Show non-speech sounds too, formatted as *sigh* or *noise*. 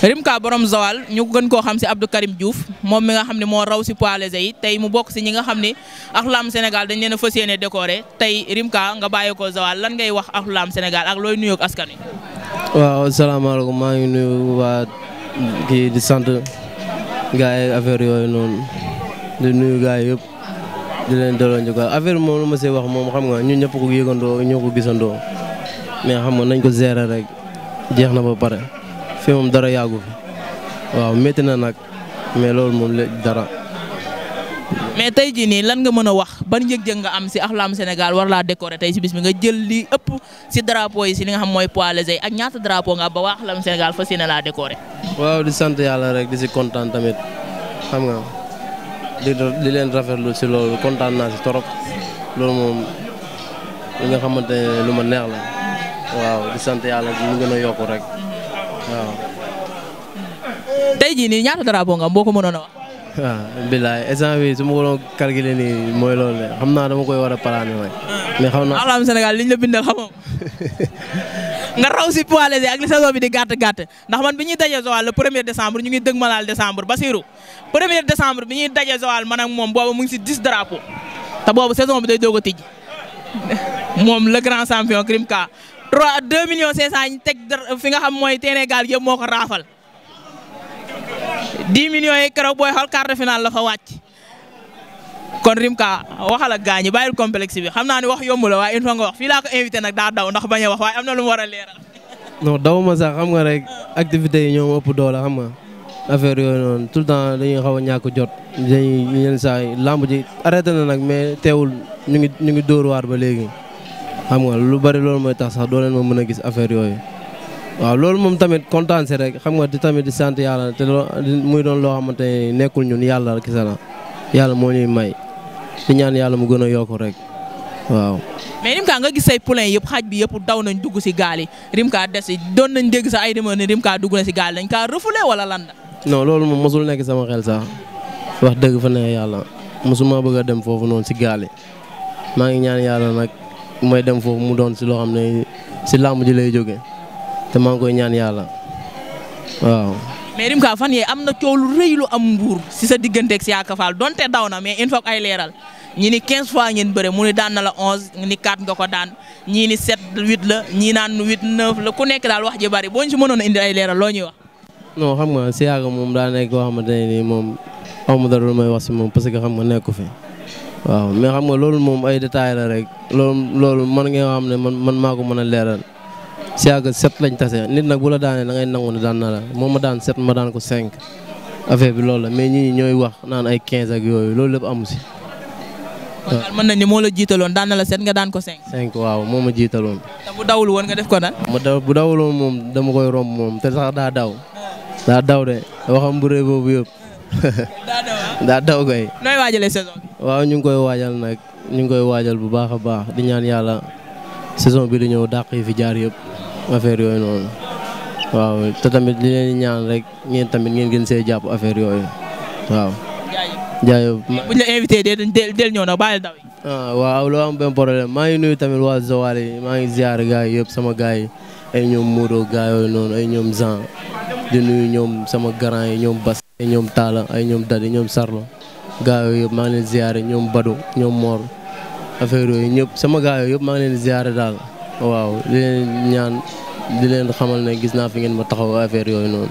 Rimka borom Zawal ñu gën koo xam si Abdou Karim Diouf moom mi nga xam ne moo raw si poids léger yi tey mu bokk si ñi nga xam ne Ahlou Lamb dañ leen a fas yéene décoré tey nga bàyyi ko Zawal lan ngay wax Ahlou Lamb Sénégal ak looy nuyoog askan wi. waaw asalaamaaleykum maa ngi nuyu waa kii sant gars yi yooyu noonu di nuyu gars yëpp di leen delloo ñu ko affaire bi moom lu ma see wax moom xam nga ñun ñëpp ko yëgandoo ñoo ko gisandoo mais xam nga nañ ko gérer rek jeex na ba pare. fii moom dara yàggu fi waaw métti na nag mais loolu moom la dara. mais tey jii nii lan nga mën a wax ban yëg-yëg nga am si axlaam Sénégal war laa décorer tey si bis bi nga jël li ëpp si drapeau yi si li nga xam mooy poids léger ak ñaata drapeau nga ba waa axlaam Sénégal fas yéene laa décorer. waaw di sant yàlla rek di si kontaan tamit xam nga di di leen rafetlu si loolu kontaan naa si torop loolu moom li nga xamante lu ma neex la waaw di sant yàlla waaw. tey jii nii ñaata drapeau nga am boo ko mënoon a wax. waaw ah, bilaay instant bi su ma ko doon calculer nii de xam naa dama koy war a paraan waay. mais xam naa alam Sénégal la bindal xamoo *laughs* nga raw si poids léger ak li bi di gat gàtt ndax man bi ñuy daje Joal le premier décembre ñu ngi dëg malaal décembre Basirou premier décembre bi ñuy daje Joal man ak moom boobu mu ngi si 10 drapeau te boobu saison bi day doog a *laughs* moom le grand champion Krimka 3 2 millions 500 ñu teg fi nga xam mooy terrain gaal yëpp moo ko raafal 10 millions yi keroog booy xool quart de finale la fa wàcc. kon Rimka waxal ak gaañi bàyyil bi xam naa ne wax yomb la waaye une fois nga wax fii laa ko invité nag daa daw ndax bañ am na lu mu war a leeral. non daw ma sax xam nga rek activités yi ñoom ëpp doole xam nga affaire yooyu noonu tout le temps dañuy xaw a ñàkk jot dañuy yenn saa yi làmb ji arrêté na nag mais teewul ñu ngi ñu ngi dóor waar ba léegi. xam nga lu bari loolu mooy tax sax doo leen ma a gis affaire yooyu waaw loolu moom tamit kontaan si rek xam nga di tamit di sant yàlla te muy doon loo xamante ne nekkul ñun yàlla kese la yàlla moo ñuy may di ñaan yàlla mu gën a yokku rek waaw. mais Rimka nga gis say poulain yëpp xaj bi yëpp daw nañ dugg si gaal yi kaa des si doon nañ dégg sax ay rumeur ni kaa dugg na si gaal dañ kaa refoulé wala la. non loolu moom mosul nekk sama xel sax wax dëgg fa ne yàlla mosuma bëgg a dem foofu noonu si gaal maa ngi mooy dem foofu mu doon si loo xam ne si làmb ji lay jóge te maa ngi ñaan yàlla waaw. mais Rimka fan yee am na coow lu rëy lu am mbuur si sa digganteeg si Yaaka Fall donte daw na mais il faut ay leeral ñi ni 15 fois ngeen bëre mu ni daan na la 11 ni 4 nga ko daan ñii ni 7 8 la ñii naan 8 9 la ku nekk daal wax ji boo ñu si mënoon a indi ay leeral loo ñuy wax. non xam nga si Yaaka moom daa nekk koo xamante ne nii moom aw ma dara may wax si moom parce que xam nga nekku fi. waaw mais xam nga loolu moom ay détails la rek loolu loolu man nga xam ne man man maa ko mën a leeral si yàgg set lañ tase nit nag bu la daanee da ngay nangu ne daan na la moom ma daan set ma daan ko cinq affaire bi loolu la mais ñii ñooy wax naan ay quinze ak yooyu loolu lépp amu si. kon daal mën nañu ne moo la jiitaloon daan na la set nga daan ko cinq. cinq waaw moo ma jiitaloon. te bu dawul woon nga def ko nag. ma daw bu dawul woon moom dama koy romb moom te sax daa daw. daa daw de waxam bu rëy boobu daa daw koy. nooy waaw ñu ngi koy waajal nag ñu ngi koy waajal bu baax a baax di ñaan yàlla saison bi di ñëw dàq yi fi jaar yëpp affaire yooyu noonu waaw te tamit li leen rek ngeen tamit ngeen gën see jàpp affaire yooyu waaw. jaajëf bu ñu la invité del del ñëw nag bàyyi daw yi. ah waaw loo am benn problème maa ngi nuyu tamit waa Joal yi maa ngi ziar gars yi yëpp sama gars yi ay ñoom Modou gars noonu ay ñoom Jean di nuyu ñoom sama grand yi ñoom Bas. ay ñoom Talla ay ñoom Dadi ñoom Sarlo gaa yooyu ma maa ngi leen ziare ñoom Badou ñoom Mor affaire yooyu ñëpp sama gaa yooyu yëpp maa ngi leen ziare daal waaw di leen ñaan di leen xamal ne gis naa fi ngeen ma taxaw affaire yooyu noonu